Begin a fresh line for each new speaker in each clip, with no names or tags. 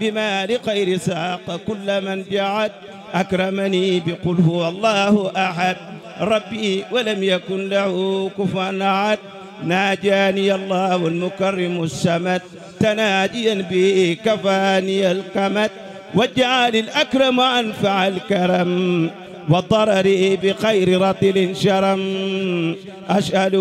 بما لخير ساق كل من جعد أكرمني بقل هو الله أحد ربي ولم يكن له كفوا أحد ناجاني الله المكرم السمد تناجيا به كفاني الكمد وجعل الأكرم أنفع الكرم وضرري بخير رطل شرم أسأل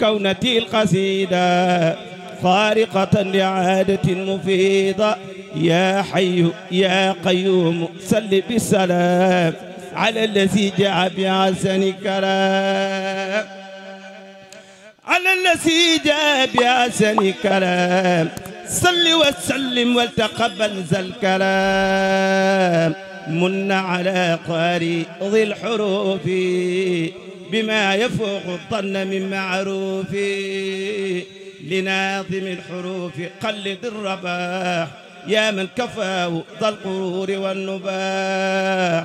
كونتي القصيدة خارقة لعادة مفيدة يا حي يا قيوم صل بالسلام على الذي جاء بعسن كرام على الذي جاء بعسن كرام صل وسلم وتقبل ذا الكلام من على قاري ذي الحروف بما يفوق الظن من معروف لناظم الحروف قلد الرباح يا من كفاه ذا القرور والنباح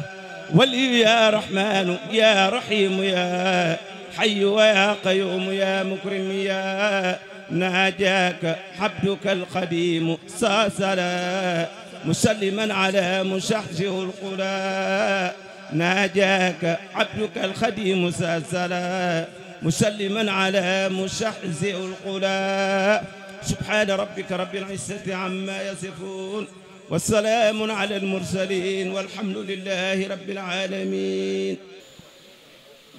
ولي يا رحمن يا رحيم يا حي ويا قيوم يا مكرم يا ناجاك حبدك القديم ساسلا مسلما على مشحشه القلا ناجاك عبدك الخديم ساسلا مسلما على مشحزئ القلا subhaana rabbika rabbil izzati ammaa yasifuun wa salaamun alal mursaliin walhamdu lillaahi rabbil aalamiin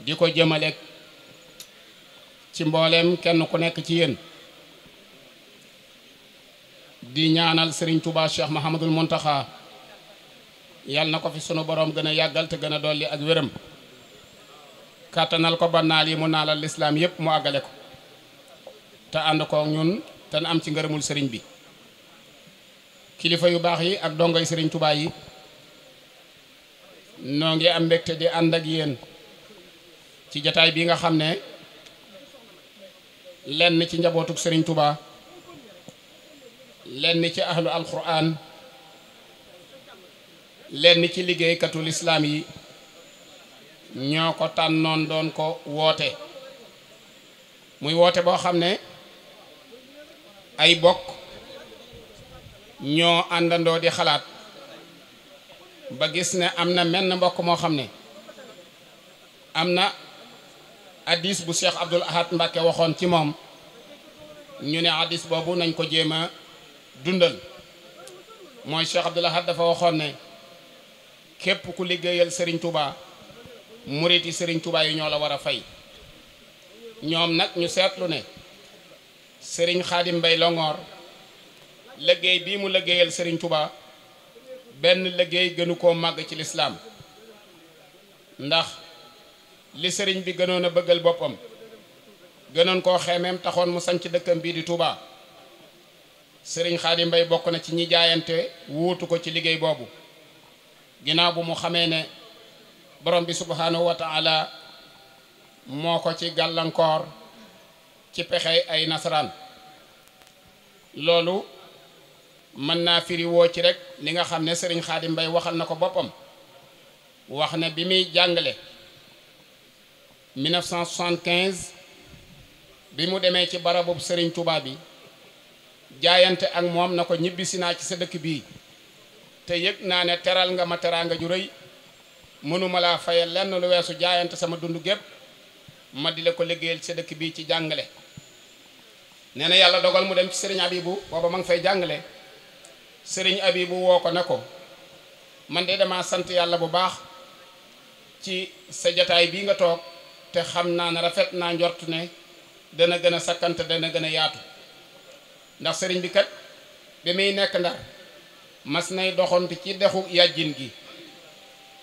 di ko
jëmale ci mbooleem kenn ku nekk ci yéen di ñaanal Serigne Touba Cheikh Mahamadul Muntaxa yal na ko fi sunu boroom gën a yàggal te gën a dolli ak wéram kàttanal ko bannaal yi mu naalal lislaam yépp mu àggale ko te ànd kook ñun te am ci ngërëmul sëriñ bi kilifa yu baax yi ak dongoy sëriñ tubaa yi noo ngi am mbégte di ànd ak yéen ci jataay bii nga xam ne lenn ci njabootuk sëriñ tubaa lenn ci ahlu alquran lenn ci liggéeykatu lislaam yi ñoo ko tànnoon doon ko woote muy woote boo xam ne ay bokk ñoo àndandoo di xalaat ba gis ne am na menn mbokk moo xam ne am na addis bu Cheikh Abdoul Ahad Mbacke waxoon ci moom ñu ne addis boobu nañ ko jéem a dundal mooy Cheikh Abdoul Ahad dafa waxoon ne képp ku liggéeyal Serigne Touba murit yi Serigne yi ñoo la war a fay ñoom nag ñu seetlu ne. sëriñ xaadim mbay longoor liggéey bii mu liggéeyal sëriñ Touba benn liggéey gënu koo màgg ci lislaam ndax li sëriñ bi gënoon a bëggal boppam gënoon koo xeemeem taxoon mu sanc dëkkam bii di Touba sëriñ xaadim mbay bokk na ci ñi jaayante wuutu ko ci liggéey boobu ginnaaw bu mu xamee ne borom bi subhaanahu wa taala moo ko ci gàllankoor ci pexey ay nasaraan loolu mën naa firi woo ci rek li nga xam ne sëriñ Xaadim Mbay waxal na ko boppam wax ne bi muy jàngale 1975 bi mu demee ci barabub sëriñ Tuubaa yi jaayante ak moom na ko ñibbisi naa ci sa dëkk bii te yëg naa ne teral nga ma teraanga ñu réy mënuma laa fayal lenn lu weesu jaayante sama dund gépp ma di la ko liggéeyal sa dëkk bii ci jàngale nee na yàlla dogal mu dem ci sëriñ abibu booba ma ngi fay jàngale sëriñ abibu woo ko na ko man de dama sant yàlla bu baax ci sa jataay bii nga toog te xam naa ne rafet naa njort ne dana gën a sakkante dana gën a yaatu ndax sëriñ bi kat bi muy nekk ndar mas nay doxantu ci dexu yàjjin gi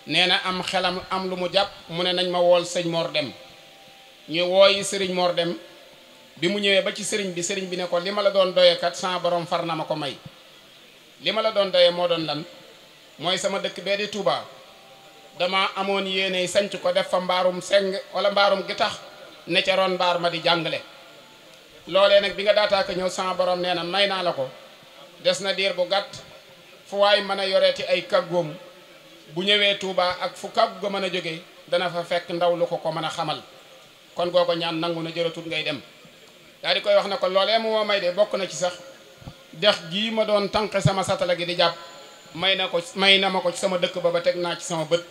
nee na am xelam am lu mu jàpp mu ne nañ ma wool sëñ moor Dem ñu wooyi sëriñ Mor Dem bi mu ñëwee ba ci sëriñ bi sëriñ bi ne ko li ma la doon doyee kat sans borom far na ma ko may li ma la doon doyee moo doon lan mooy sama dëkk bee di Touba dama amoon yéene sanc ko def fa mbaarum seng wala mbaarum gi tax ne ca roon mbaar ma di jàngale loole nag bi nga daataaka ñëw sans borom nee na may naa la ko des na diir bu gàtt fu waay mën a yoreeti ay kàggoom bu ñëwee tuubaa ak fu kàggu ga mën a jóge dana fa fekk ndaw lu ko ko mën a xamal kon goo ñaan nangu na jërëtul ngay dem daal di koy wax na ko loolee mu moo may de bokk na ci sax dex gi ma doon tànqe sama satala gi di jàpp may na ko may na ma ko ci sama dëkk ba ba teg naa ci sama bët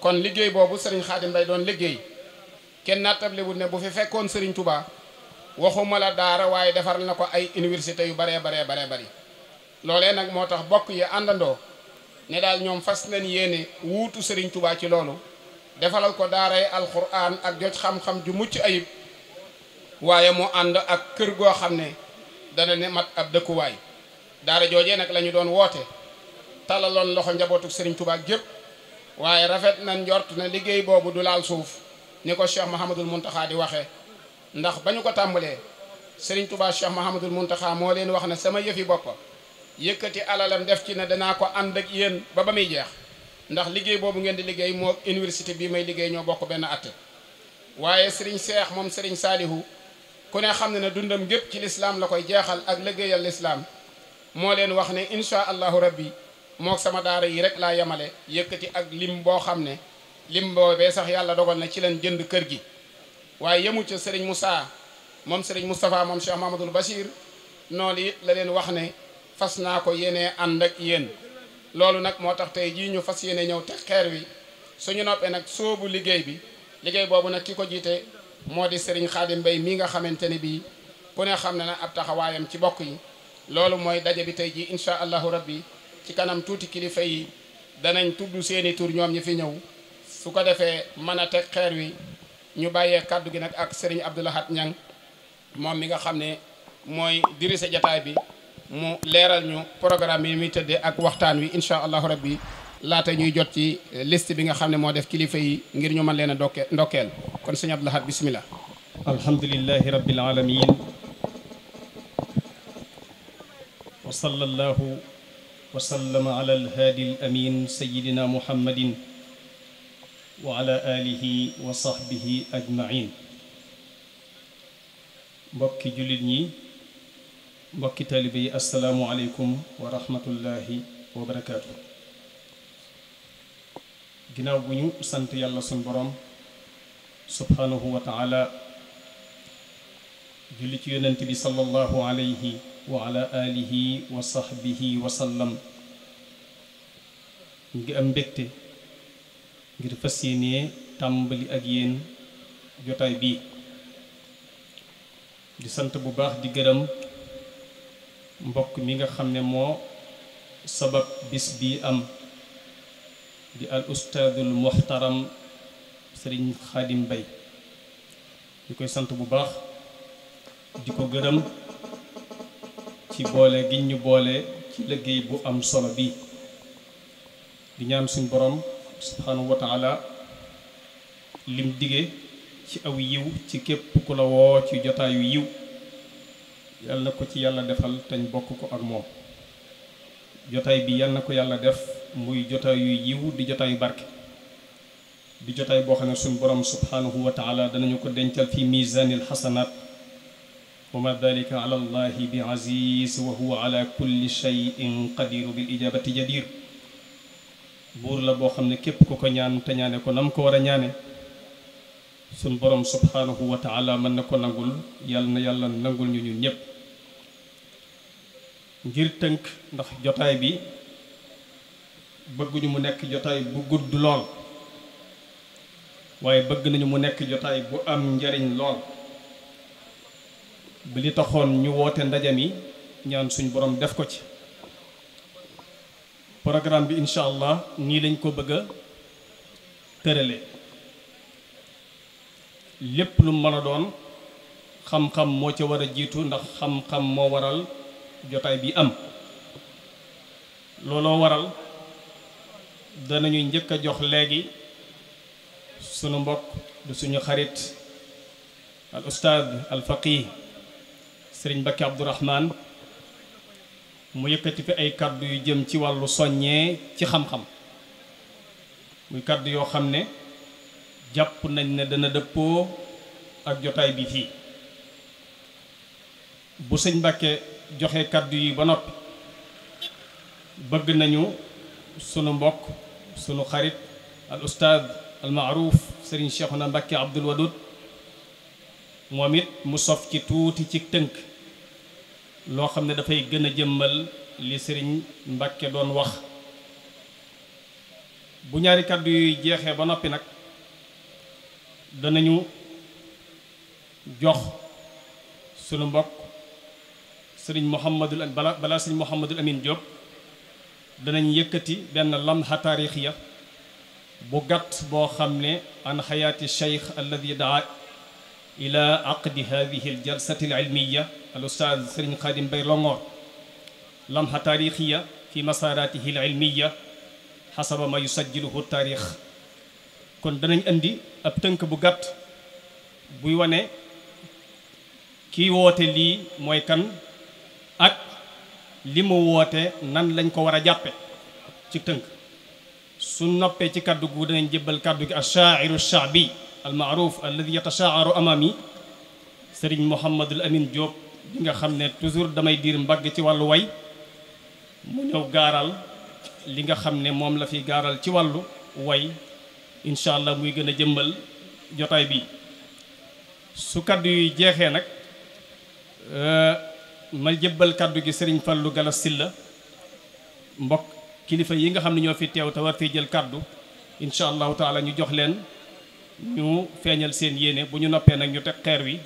kon liggéey boobu sëriñ Xaadim Mbay doon liggéey kenn nattablewul ne bu fi fekkoon sëriñ tubaa waxuma la daara waaye defaral na ko ay université yu baree baree baree bari loolee nag moo tax bokk yi àndandoo ne daal ñoom fas nañ yéene wuutu sëriñ Touba ci loolu defalal ko daaray alquran ak joj xam ju mucc ayib waaye mu ànd ak kër goo xam ne dana ne mat ab dëkkuwaay daara joojee nag la ñu doon woote talaloon loxo njabootu Serigne Touba gépp waaye rafet na njort na liggéey boobu du laal suuf ni ko Cheikh Mahamadul Muntaxa di waxee ndax ba ñu ko tàmbalee sëriñ Serigne Touba Cheikh Mahamadul Muntaxa moo leen wax na sama yëfi boppa yëkkati alalam def ci na danaa ko ànd ak yéen ba ba muy jeex ndax liggéey boobu ngeen di liggéey moo université bii may liggéey ñoo bokk benn at waaye Serigne Cheikh moom Serigne Saalihu ku ne xam ne ne dundam gépp ci lislaam la koy jeexal ak liggéeyal lislaam moo leen wax ne insha allahu rabbi mook sama daara yi rek laa yemale yëkkati ak lim boo xam ne lim boobee sax yàlla dogal na ci leen jënd kër gi waaye yemu ca sëriñ Moussa moom sëriñ Moustapha moom Cheikh Mahamadoul Bachir noonu it la leen wax ne fas naa ko yéenee ànd ak yéen loolu nag moo tax tey jii ñu fas yéene ñëw teg xeer wi suñu noppee nag sóobu liggéey bi liggéey boobu nag moo di Serigne Khadim Mbaye mii nga xamante ne bii ku ne xam na ne ab taxawaayam ci bokk yi loolu mooy daje bi tey jii incha allahu rabbi ci kanam tuuti kilifa yi danañ tudd seeni tur ñoom ñi fi ñëw su ko defee mën a teg xeer wi ñu bàyyee kàddu gi nag ak Serigne Abdou Lahad moom mi nga xam ne mooy dirisa jataay bi mu leeral ñu programme yi muy tëddee ak waxtaan wi incha allahu rabbi laata ñuy jot ci euh, liste bi nga xam ne moo def kilifa yi ngir ñu ma leen a ndokkee ndokkeel kon
sëñ Abdou Lahad bisimilah. alhamdulilahi alamin wa sallallahu wa sallama wa ala alihi mbokki jullit ñi mbokki taalibe yi asalaamualeykum wa wa barakaatu. ginnaaw bu ñu sant yàlla suñ boroom subhanahu wa taala julli ci yonent bi sallallahu alayhi wa ala alihi wa sahbihi wa sallam ngi am mbégte ngir fas yéenee tàmbali ak yéen jotaay bi di sant bu baax di gërëm mbokk mi nga xam ne moo sabab bis bii am di al ustaadul muxtaram sëriñ xaadim bay ñu koy sant bu baax di ko gërëm ci boole gi ñu boole ci liggéey bu am solo bi di ñaan suñ borom subhanahu wa lim dige ci aw yiw ci képp ku la woo ci jotaayu yiw yal na ko ci yàlla defal te bokk ko ak moom jotaay bi yal na ko yàlla def muy jotaay yu yiw di jotaayu barke di jotaay boo xam ne suñ borom subhanahu wa taala danañu ko dencal fi misanil xasanaat wa ma dalika ala bi aziz wa huwa ala kulli cheyin qadiru bil ijabati jadir buur la boo xam ne képp ku ko ñaan te ñaane ko nam ko war a ñaane suñ borom subhanahu wa taala mën na ko nangul yàlla na yàlla nangul ñu ñun ñépp ngir tënk ndax jotaay bi bëgguñu mu nekk jotaay bu gudd lool waaye bëgg nañu mu nekk jotaay bu am njariñ lool bi li taxoon ñu woote ndaje mi ñaan suñ boroom def ko ci programme bi incha allah nii lañ ko bëgg a tërale lépp lu mën a doon xam-xam moo ca war a jiitu ndax xam-xam moo waral jotaay bi am looloo waral danañu njëkk a jox léegi sunu mbokk du suñu xarit al ustaad al faqih sëriñ Mbacke Abdourahman mu yëkkati fi ay kàddu yu jëm ci wàllu soññee ci xam-xam muy kàddu yoo xam ne jàpp nañ ne dana dëppoo ak jotaay bi fii bu sëñ Mbacke joxe kàddu yi ba noppi bëgg nañu sunu mbokk sunu xarit al ustaad al maaruuf sëriñ Cheikhouna Mbacké Abdoul Wadoud moom it mu sof ci tuuti ci tënk loo xam ne dafay gën a jëmmal li sëriñ Mbacké doon wax bu ñaari kàddu yuy jeexee ba noppi nag danañu jox sunu mbokk sëriñ Mouhamadul bala balaa sëriñ Mouhamadul Amin Diop danañ yëkkati benn lamha taarixiya bu gàtt boo xam ne an xayaati cheikh alladi daa ila aqdi hadihi al jalsati al ilmiya al ustaaz sëriñ xaadim bay longoor lamha taarixiya fi masaratihi al ilmiya xasaba ma yusajjiluhu taarix kon danañ andi ab tënk bu gàtt buy wane kii woote lii mooy kan ak li mu woote nan lañ ko war a jàppe ci tënk su noppee ci kàddu gu danañ jébbal kaddu gi ashaa'iru shaabi al maaruf alladi yatashaa'aru amaami sëriñ Mouhamadul Amin Diop bi nga xam ne toujours damay diir mbagg ci wàllu way mu ñëw gaaral li nga xam ne moom la fi gaaral ci wàllu way incha allah muy gën a jëmbal jotaay bi su kaddu yu jeexee nag euh, ma jébbal kàddu gi sëriñ Fallou Galass Sylla mbokk kilifa yi nga xam ne ñoo fi teew te war fee jël kàddu incha allahu taala ñu jox leen ñu feeñal seen yéene bu ñu noppee nag ñu teg xeer wi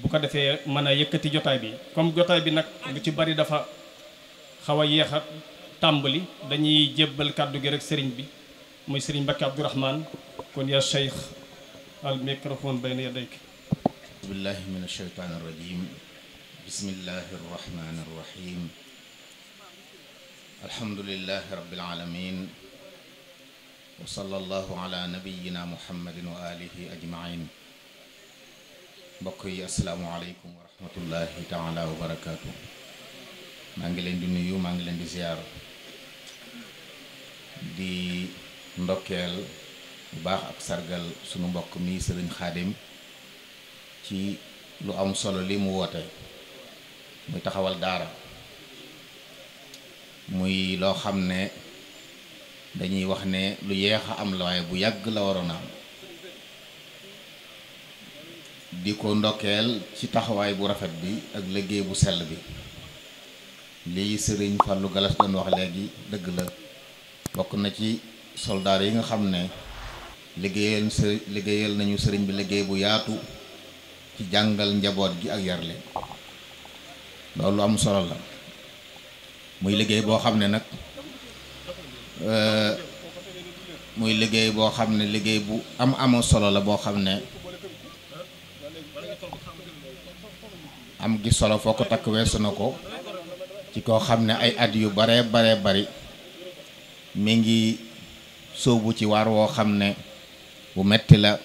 bu ko defee mën yëkkati jotaay bi comme jotaay bi nag lu ci bari dafa xaw a yéex tàmbali dañuy jébbal kàddu gi rek sëriñ bi muy sëriñ Mbacke Abdourahmane kon yaa cheikh al microphone bayna yadayk
bismillahi arrahmani arrahim alhamdulilahi rabbil alamin wa sallallahu ala nabiyina muhammadin wa alihi ajmain mbokk yi asalaamualeykum wa rahmatullahi taala wa barakaatu maa ngi leen di nuyu maa ngi leen di ziar di ndokkeel bu baax ak sargal sunu mbokk mi sëriñ xaadim ci lu am solo li mu woote muy taxawal daara muy loo xam ne dañuy wax ne lu yeex a am la bu yàgg la waroon a am di ko ndokkeel ci taxawaay bu rafet bi ak liggéey bu sell bi lii sëriñ Fallou Galas doon wax léegi dëgg la bokk na ci soldaar yi nga xam ne liggéeyal së liggéeyal nañu sëriñ bi liggéey bu yaatu ci jàngal njaboot gi ak yar loolu am solo la muy liggéey boo xam ne nag euh, muy liggéey boo xam ne liggéey bu am amoo solo la boo xam ne am gi solo foo ko takk weesu na ko ci koo xam ne ay at yu bare bare bari mi ngi sóobu ci waar woo xam ne bu metti la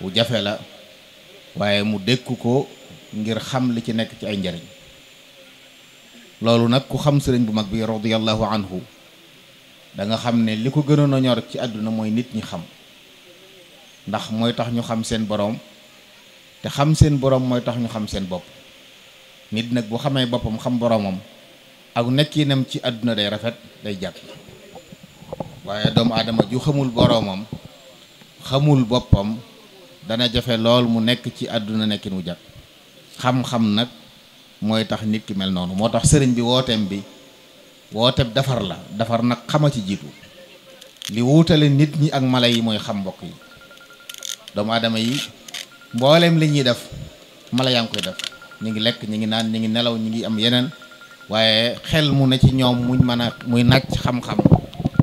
bu jafe la waaye mu dékku ko ngir xam li ci nekk ci ay njariñ loolu nag ku xam sëriñ bu mag bi radiyallahu anhu da nga xam ne li ko gënoon a ci àdduna mooy nit ñi xam ndax mooy tax ñu xam seen boroom te xam seen boroom mooy tax ñu xam seen bopp nit nag bu xamee boppam xam boroomam ak nekkinam ci àdduna day rafet day jàpp waaye doomu aadama ju xamul boroomam xamul boppam dana jafe lool mu nekk ci àdduna nekkin wu xam-xam nag mooy tax nit ki mel noonu moo tax sëriñ bi wooteem bi wooteeb defar la defar nag xama ci jiitu li wuutale nit ñi ak mala yi mooy xam mbokk yi doomu aadama yi mbooleem li ñuy def mala yaa ngi koy def ñu ngi lekk ñu ngi naan ñu ngi nelaw ñu ngi am yeneen waaye xel mu ne ci ñoom muñ mën a muy nàcc xam-xam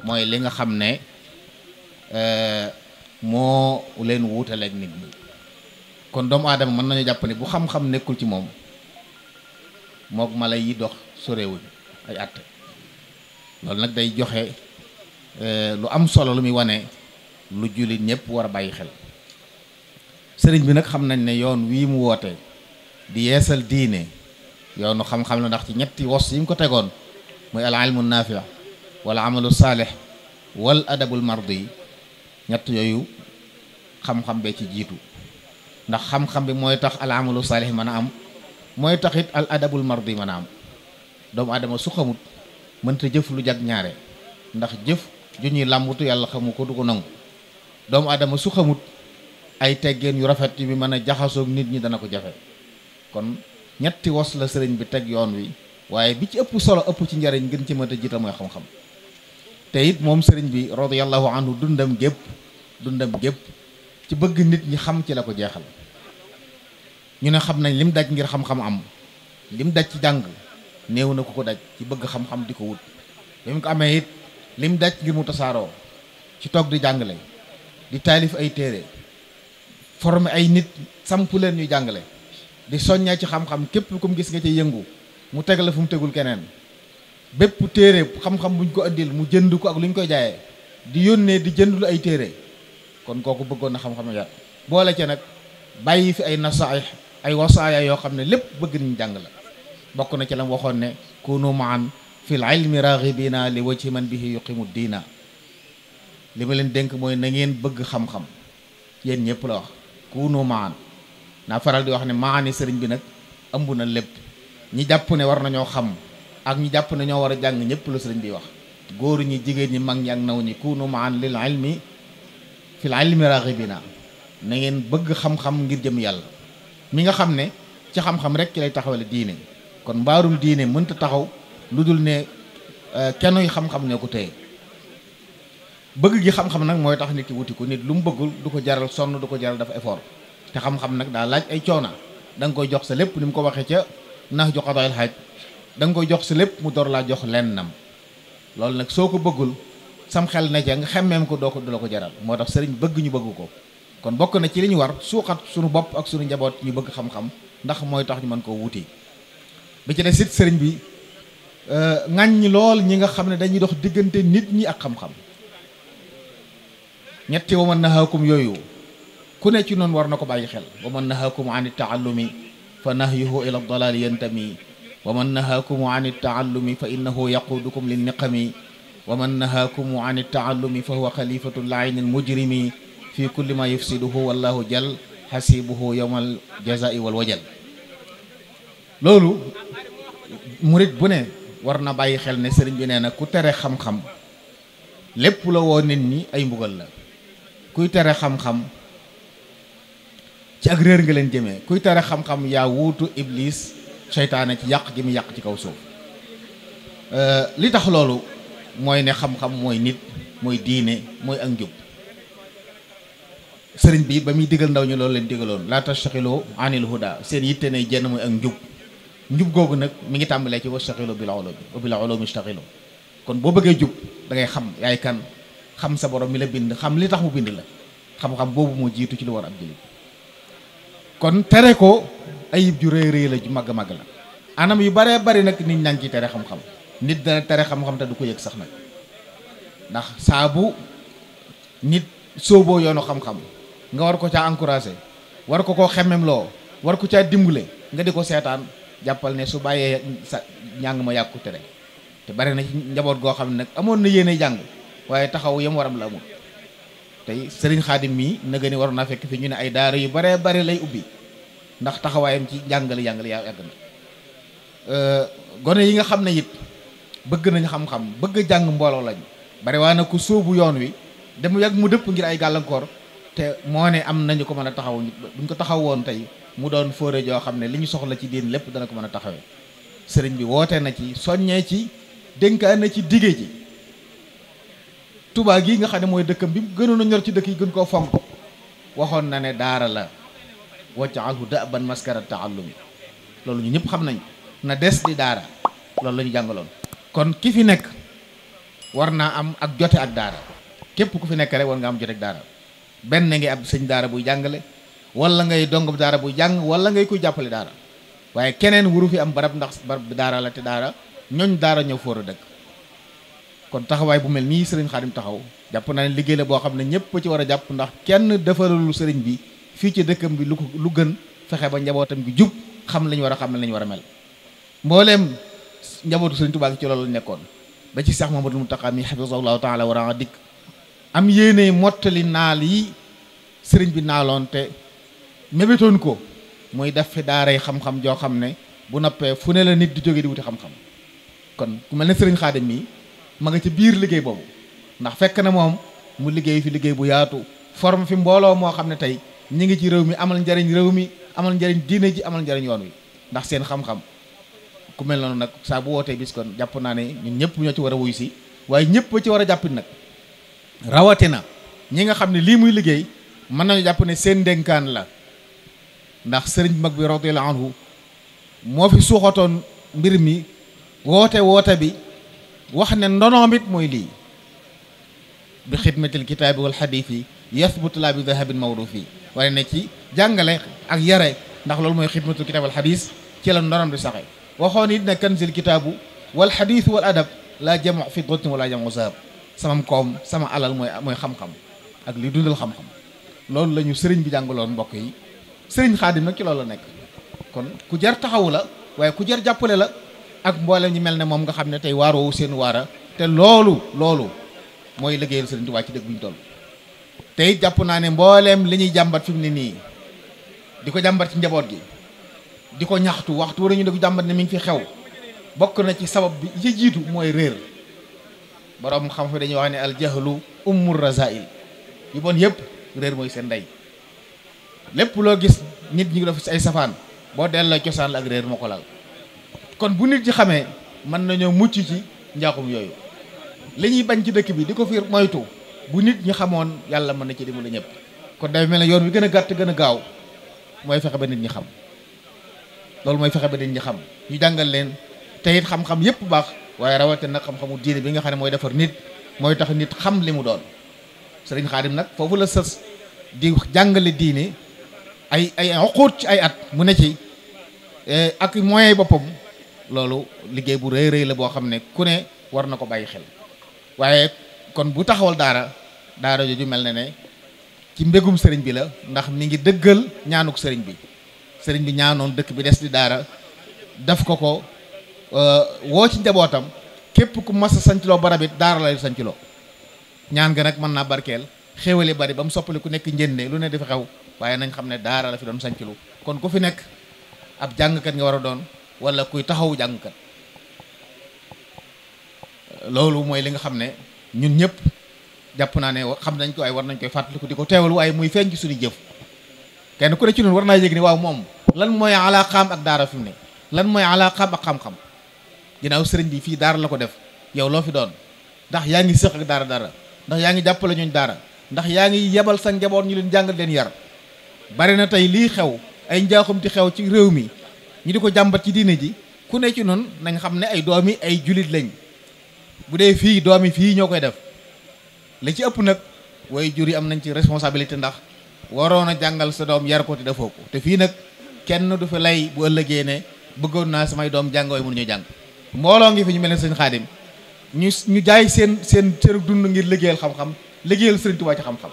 mooy li nga xam ne eh, moo leen wuutaleeg nit ñi kon doomu aadama mën nañu jàpp ne bu xam-xam nekkul ci moom mook mala yi dox sorewuñ ay àtte loolu nag day joxe eh, lu am solo lu muy wane lu jullit ñëpp war a bàyyi xel sëriñ bi nag xam nañ ne yoon wii mu woote di yeesal diine yoonu xam la ndax ci ñetti wos yi mu ko tegoon muy al ilmu naafi wal amalu saalix wal adabul mardi ñett yooyu xam-xam bee ci jiitu ndax xam-xam bi mooy tax al amalu saalix mën a am mooy taxit al adabul mardi maanaam doomu aadama su xamut mënta jëf lu jag ñaare ndax jëf ju ñuy làmbutu yàlla xamu ko du ko nangu doomu aadama su xamut ay teggeen yu rafet bi mën a jaxasoog nit ñi dana ko jafe kon ñetti wos la sëriñ bi teg yoon wi waaye bi ci ëpp solo ëpp ci njariñ gën ci mën a jiital mooy xam-xam te it moom sëriñ bi radiyallahu anhu dundam gépp dundam gépp ci bëgg nit ñi xam ci la ko jeexal ñu ne xam nañ lim daj ngir xam-xam am lim daj ci jàng néew na ku ko daj ci bëgg xam-xam di ko wut bi ko amee it lim daj ngir mu tasaaroo ci toog di jàngale di taalif ay téere former ay nit samp leen ñuy jàngale di soññee ci xam-xam képp ku mu gis nga ciy yëngu mu teg la fu mu tegul keneen bépp téere xam-xam bu ko andil mu jënd ko ak lu koy jaaye di yónnee di jënd ay téere kon kooku bëggoon na xam-xam ya boole ci nag bàyyi fi ay nasaih ay wasaaya yoo xam ne lépp bëgg nañu jàng la bokk na ci lam waxoon ne kunu maan fil bii naa li ci man bihi yuqimu diina li ma leen dénk mooy na ngeen bëgg xam-xam yéen ñëpp la wax kunu maan naa faral di wax ne maani sëriñ bi nag ëmb na lépp ñi jàpp ne war nañoo xam ak ñi jàpp ne ñoo war a jàng ñëpp la sëriñ bi wax góor ñi jigéen ñi mag ñi ak naw ñi kunu maan lil ilmi fil ilmi raghibina na ngeen bëgg xam-xam ngir jëm yàlla mi nga xam ne ca xam-xam rek ci lay taxawale diine kon mbaarum diine mënta taxaw lu dul ne euh, kennuy xam-xam ne ko téye bëgg gi xam-xam nag mooy tax nit ki wuti ko nit lu mu bëggul du ko jaral sonn du ko jaral dafa effort te xam-xam nag daa laaj ay coona da nga koy jox sa lépp ni mu ko waxee ca nax jox xadoyal xaaj da koy jox sa lépp mu door laa jox nam loolu nag soo ko bëggul sam xel na ca nga xemmeem ko doo ko du la ko jaral moo tax sëriñ bëgg ñu bëgg ko kon bokk na ci li ñu war suuxat suñu bopp ak suñu njaboot ñu bëgg xam-xam ndax mooy tax ñu man koo wuti bi ci des it sëriñ bi euh, ŋàññ lool ñi nga xam ne dañuy dox diggante nit ñi ak xam-xam ñetti wa man nahaakum yooyu ku ne ci noonu war na ko bàyyi xel wa man nahaakum an taallumi fa nahyuhu ila dalaali yantami wa man nahaakum an taallumi fa innahu yaquudukum lin niqami wa man nahaakum an taallumi fa huwa xalifatu laayin al mujrimi fi kulli ma yufsiduhu wallahu jal hasibuhu yawmal jazai wal wajal loolu murit bu ne war na bàyyi xel ne sëriñ bi nee na ku tere xam-xam lépp la woo nit ñi ay mbugal la kuy tere xam-xam ci ak réer nga leen jëme kuy tere xam-xam yaa wuutu iblis seytaane ci yàq gi mu yàq ci kaw suuf euh, li tax loolu mooy ne xam-xam mooy nit mooy diine mooy ak njub sëriñ bi ba muy digal ndaw ñu loolu leen digaloon laa tastaxiloo anil huda seen yitte ne jenn mooy ak njub njub googu nag mi ngi tàmbalee ci wastaxilu bil ulumi wa bil ulumi staxilu kon boo bëggee jub dangay xam yaay kan xam sa borom mi la bind xam li tax mu bind la xam-xam boobu moo jiitu ci lu war ab jullit kon tere ko ayib ju rëy rëy la ju màgg màgg la anam yu baree bari nag nit ñaa ngi ciy tere xam-xam nit dana tere xam-xam te du ko yëg sax na ndax saabu nit sooboo yoonu xam nga war ko ca encouragé war ko koo xemmem loo war ko caa dimbale nga di ko seetaan jàppal ne su bàyyee sa njàng ma yàqu tere te bari na ci njaboot goo xam ne nag amoon na yéene jàng waaye taxaw yam waram la amul tey sëriñ xaadim mii naga ni waroon naa fekk fi ñu ne ay daara yu baree bari lay ubbi ndax taxawaayam ci njàngale njàngale yaa yàgg na euh, gone yi nga xam ne it bëgg nañ xam-xam bëgg jàng mbooloo lañ bari waa na ku sóobu yoon wi dem yàgg mu dëpp ngir ay gàllankoor te moo ne am nañu ko mën a taxaw buñ ko taxaw woon tey mu doon fóore joo xam ne li ñu soxla ci diin lépp dana ko mën a taxawee sëriñ bi woote na ci soññee ci dénkaan na ci dige ji tubaa gii nga xam ne mooy dëkkam bi gënoon a ñor ci dëkk yi gën koo fonk waxoon na ne daara la wajaalhu daban maskara taallumi loolu ñu ñëpp xam nañ na des di daara loolu la jàngaloon kon ki fi nekk war naa am ak jote ak daara képp ku fi nekk rek war nga am jote ak daara benn ngay ab sëñ daara buy jàngale wala ngay dong daara buy jàng wala ngay kuy jàppale daara waaye keneen wuru fi am barab ndax barab bi daara la te daara ñooñ daara ñëw fóor a dëkk kon taxawaay bu mel nii sëriñ Xaadim taxaw jàpp naa ne liggéey la boo xam ne ñëpp ci war a jàpp ndax kenn defaralu sëriñ bi fii ci dëkkam bi lu ko lu gën fexe ba njabootam gi jub xam lañu war a xam ne lañu war a mel mbooleem njabootu sëriñ Tuubaa ci loolu la nekkoon ba ci Seex Muhammadul Muntaxa mi xafisahu llahu taala war a dikk am yéene mottali naal yi sëriñ bi naaloon te mébétoon ko muy def fi daaray xam-xam joo xam ne bu nappee fu ne la nit di jóge di wuti xam-xam kon ku mel ne sëriñ Xaadim mii ma nga ci biir liggéey boobu ndax fekk na moom mu liggéey fi liggéey bu yaatu forme fi mbooloo moo xam ne tey ñi ngi ci réew mi amal njariñ réew mi amal njariñ diine ji amal njariñ yoon wi ndax seen xam-xam ku mel noonu nag saa bu wootee bis kon jàpp naa ne ñun ñëpp ñoo ci war a wuy si waaye ñëpp ci war a jàppit nag rawatina ñi nga xam ne lii muy liggéey mën nañu jàpp ne seen ndénkaan la ndax sëriñ mag bi radiyallahu anhu moo fi suuxatoon mbir mi woote woote bi wax ne ndonoom it mooy lii bi xidmatil kitaabi wal xadiis yi bu laa bi dahabin mawruuf fii waaye ne ci jàngale ak yare ndax loolu mooy xidmatul kitaab wal xadiis ci la ndonoom di saxe waxoon it ne kanzil kitaabu wal xadiis wal adab laa jamu fi dottin wala jamu zahab samam koom sama alal mooy mooy xam-xam ak li dundal xam-xam loolu lañu sëriñ bi jàngaloon mbokk yi sëriñ xaadim nag ci loolu la nekk kon ku jar taxawu la waaye ku jar jàppale la ak mboolem ñi mel ne moom nga xam ne tey waaroowu seen waara te loolu loolu mooy liggéeyal sëriñ Tuubaa ci dëgg bu ñu tey jàpp naa ne mbooleem li ñuy jàmbat fi ne nii di ko jàmbat ci njaboot gi di ko ñaxtu waxtu war ñu di jàmbat ne mi ngi fi xew bokk na ci sabab bi ci jiitu mooy réer borom xam-xam dañuy wax ne aljahlu ummur rasail yu bon yëpp réer mooy seen ndey lépp loo gis nit ñi def ci ay safaan boo delloo cosaan la ak réer moo ko lal kon bu nit ñi xamee mën nañoo mucc ci njaaxum yooyu li ñuy bañ ci dëkk bi di ko fiir moytu bu nit ñi xamoon yàlla mën na ci dimbali ñëpp kon day mel ne yoon bi gën a gàtt gën a gaaw mooy fexe ba nit ñi xam loolu mooy fexe ba nit ñi xam ñu jàngal leen te it xam-xam yëpp baax waaye rawate nag xam-xamu diine bi nga xam ne mooy defar nit mooy tax nit xam li mu doon sëriñ xaadim nag foofu la sës di jàngale diini ay ay xuquut ci ay at mu ne ci e, ak moyen boppam loolu liggéey bu rëy rëy la boo xam ne ku ne war na ko bàyyi xel waaye kon bu taxawal daara daara jooju mel na ne ci mbégum sëriñ bi la ndax mi ngi dëggal ñaanuk sëriñ bi sëriñ bi ñaanoon dëkk bi des di daara daf ko ko Euh, woo ci njabootam képp ku mas a sancloo barab it daara lay sancloo ñaan nga nag mën naa barkeel xéewali bari ba mu soppali ku nekk njënde lu ne dafa xew waaye nañ xam ne daara la fi doon sanclu kon ku fi nekk ab jàngkat nga war a doon wala kuy taxaw jàngkat euh, loolu mooy li nga xam ne ñun ñëpp jàpp naa ne xam nañ ko ay war nañ koy fàttaliku di ko teewal waaye muy feeñ ci suñu jëf kenn ku ne war naa yëg ne waaw moom lan mooy alaaqaam ak daara fi mu ne lan mooy alaaqaam ak xam-xam ginnaaw sëriñ bi fii daara la ko def yow loo fi doon ndax yaa ngi sëq ak daara dara ndax yaa ngi jàppale ñooñ daara ndax yaa ngi yebal sa njaboot ñu leen jàngal leen yar bari na tey lii xew ay njaaxumti xew ci réew mi ñu di ko jàmbat ci diine ji ku ne ci noonu nañ xam ne ay doomi ay julit lañ bu dee fii doomi fii ñoo koy def la ci ëpp nag way jur yi am nañ ci responsabilité ndax waroon a jàngal sa doom yar ko te defoo ko te fii nag kenn du fi lay bu ëllëgee ne bëggoon naa samay doom jàng waaye mënuñu jàng mbooloo ngi fi ñu mel ne sëñ xaadim ñu ñu jaay seen seen seen dund ngir liggéeyal xam-xam liggéeyal sëriñ Tuubaa ci xam-xam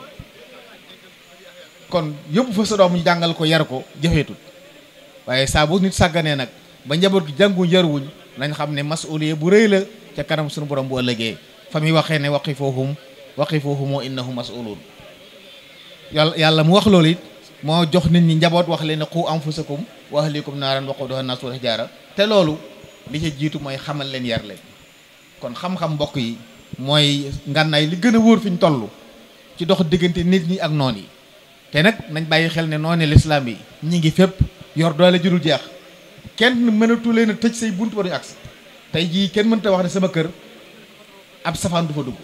kon yóbbu fa sa doom jàngal ko yar ko jafeetul waaye saa bu nit sàgganee nag ba njaboot gi jànguñ yaruwuñ nañ xam ne masuuliya bu rëy la ca kanam sunu borom boo liggéey fa muy waxee ne waxi foofumoo waqifuhum waqifuhum innahum mas'uluun yàlla yàlla mu wax loolu it moo jox nit ñi njaboot wax leen ne qu anfusakum wa ahlikum naaran waquduha an-naas wal hijaara te li ca jiitu mooy xamal leen yar leen kon xam-xam mbokk yi mooy ngànnaay li gën a wóor fi ñu toll ci dox diggante nit ñi ak noon yi te nag nañ bàyyi xel ne noone lislaam yi ñi ngi fépp yor doole judul jeex kenn mënatu leen a tëj say buntu ba du agsi tey jii kenn mënta wax ne sama kër ab safaan du fa dugg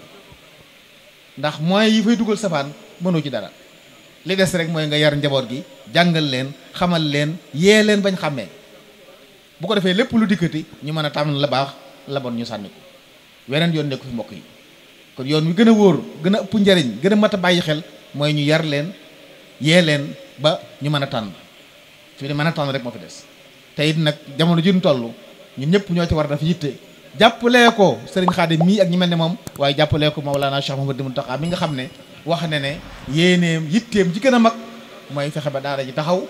ndax moyens yi fay dugal safaan mënoo ci dara li des rek mooy nga yar njaboot gi jàngal leen xamal leen yee leen bañ xàmmee bu ko defee lépp lu dikkati ñu mën a tànn la baax la bon ñu sànni ko weneen yoon nekku fi mbokk yi kon yoon wi gën a wóor gën a ëpp njariñ gën a mat a bàyyi xel mooy ñu yar leen yee leen ba ñu mën a tànn fii ne mën a tànn rek moo fi des tey it nag jamono ji ñu toll ñun ñëpp ñoo ci war a dafa yitte jàppalee ko Serigne Khadim mii ak ñu mel ne moom waaye jàppalee ko Mawlana Cheikh Mouhamadou Mountakha mi nga xam ne wax ne ne yéeneem yitteem ji gën a mag mooy fexe ba daara ji taxaw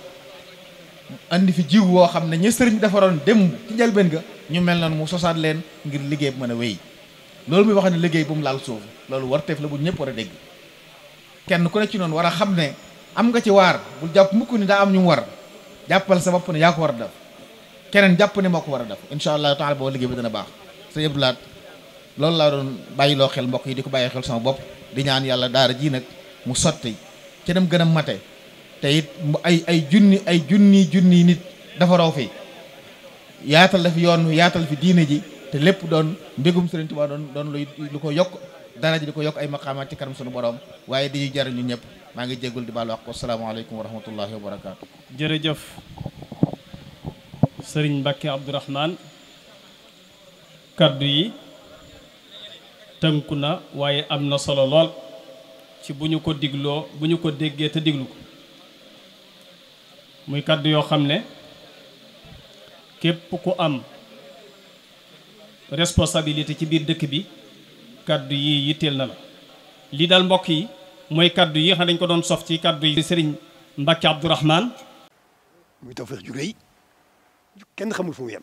andi fi jiw woo xam ne ña sëriñ bi defaroon démb ci njëlbeen ga ñu mel noonu mu sosaat leen ngir liggéey bu mën a wéy loolu muy wax ne liggéey bu mu laal suuf loolu warteef la bu ñëpp war a dégg kenn ku ne ci noonu war a xam ne am nga ci waar bul jàpp mukk ni daa am ñu mu war jàppal sa bopp ne yaa ko war a def keneen jàpp ne moo war a def incha allah taala boo liggéey bi dana baax sëñ Abdou Lahat loolu laa doon bàyyiloo xel mbokk yi di ko bàyyi xel bopp di ñaan yàlla daara ji nag mu sotti ci dem gën a mate te it ay ay junni ay junni junni nit dafa raw fi yaatal da fi yoon yaatal fi diine ji te lépp doon mbégum Sëriñ Tuubaa doon doon luy lu ko yokk dara ji ko yokk ay maqaamaat ci kanam sunu borom waaye di jariñu ñëpp maa ngi jéggul di baalu àq asalaamaaleykum wa rahmatullahi wa
barakaatu. jërëjëf Sëriñ Mbàkke Abdourahmane kàddu yi tënku na waaye am na solo lool ci bu ñu ko digloo bu ñu ko déggee te diglu ko. muy kàddu yoo xam ne képp ku am responsabilité ci biir dëkk bi kàddu yi yitteel na la li daal mbokk yi mooy kàddu yi xam ko doon sof ci kàddu yi sëriñ Mbàkke Abdourahmane muy tawfeex ju rëy kenn xamul fu mu